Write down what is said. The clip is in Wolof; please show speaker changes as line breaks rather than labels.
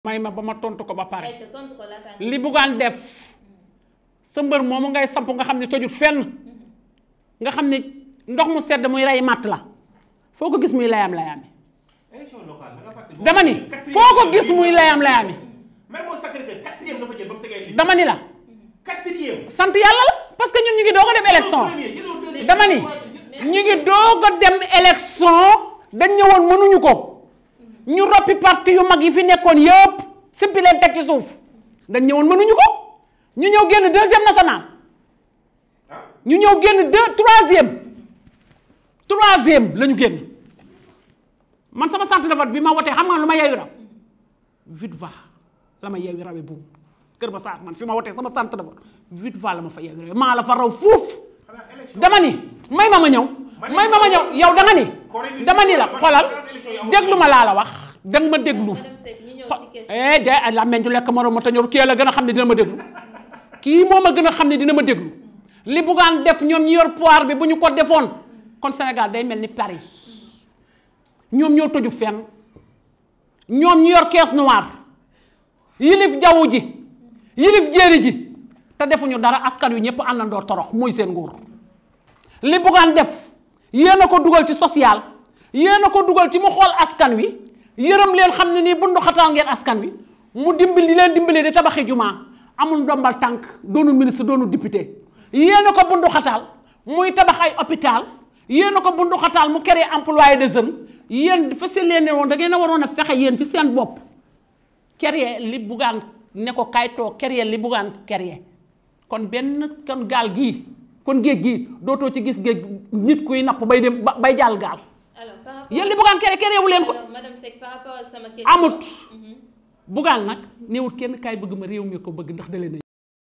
may ma ba tontu ko ba pare li bugaan def mm. sa mbeur moomu ngay samp nga xamni ne tojut fenn mm-hmm. nga xamni ndox mu sedd muy ray mat la foko gis muy layam layami dama ni foko gis muy layam layami mm. dama ni la mm-hmm. sant yalla la parce que ñun ñi ngi dogo dem élection dama ni ñi ngi dogo dem élection dañ ñewon mënuñu ko ñu roppi parti yu mag yi fi nekkoon yëpp simpi leen teg ci suuf dañ ñëwoon mënuñu ko ñu ñëw génn deuxième national ñu ñëw génn deux troisième troisième la ñu génn man sama centre de vote bi ma wotee xam nga lu ma yeewi raw huit voix la ma yeewi rawee buum Kër Masar man fi ma wotee sama sant de vote huit voix la ma fa yeewi rawee maa la fa raw fuuf dama ni may ma ma ñëw may ma ma ñëw yow da ni dama ni la xolal degluma la la wax dang ma deglu eh de la meñ du lekk moroom ma tañor kii la gëna xamni dina ma deglu, ki moma ma xamni dina ma deglu li gan def ñom ñor yor pouvoir bi buñu ko defoon kon senegal day melni ni Paris ñom ñoo toju fenn ñom ñu yor caisse noire yilif jawu ji yilif jeri ji te defuñu dara askan yu ñepp àndandoo torox muy seen nguur li gan def yéen a ko dugal ci social yéen a ko dugal ci mu xool askan wi yërëm leen xam ne nii bundu xataal ngeen askan wi mu dimbali di leen dimbali di tabaxi jumaa amul ndombal tànk doonu ministre doonu député yéen a ko bundu xataal muy tabax ay hôpital yéen a ko bundu xataal mu créé employé de jeunes yéen fese leen ne woon da ngeen a waroon a fexe yéen ci seen bopp créé li buggaan ne ko kaytoo créé li buggaan créé kon benn kon gaal gii kon géej gi dootoo ci gis géej nit kuy napp bay dem bay jàll gaal. alors par rapport yéen li leen ko. madame Seck par rapport ak sama question amut. Mhm. bugaan nag néewut kenn kaay bëgg ma réew mi ko bëgg ndax da leen